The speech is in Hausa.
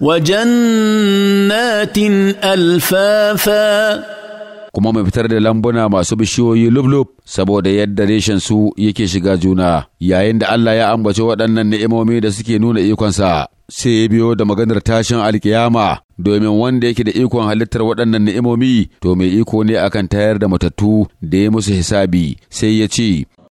وجنات alfafa. kuma mai fitar da lambuna masu bishiyoyi lublub saboda yadda reshen su yake shiga juna yayin da Allah ya ambaci waɗannan ni'imomi da suke nuna ikonsa sai ya biyo da maganar tashin alkiyama domin wanda yake da ikon halittar waɗannan ni'imomi to mai iko ne akan tayar da matattu da ya musu hisabi sai ya ce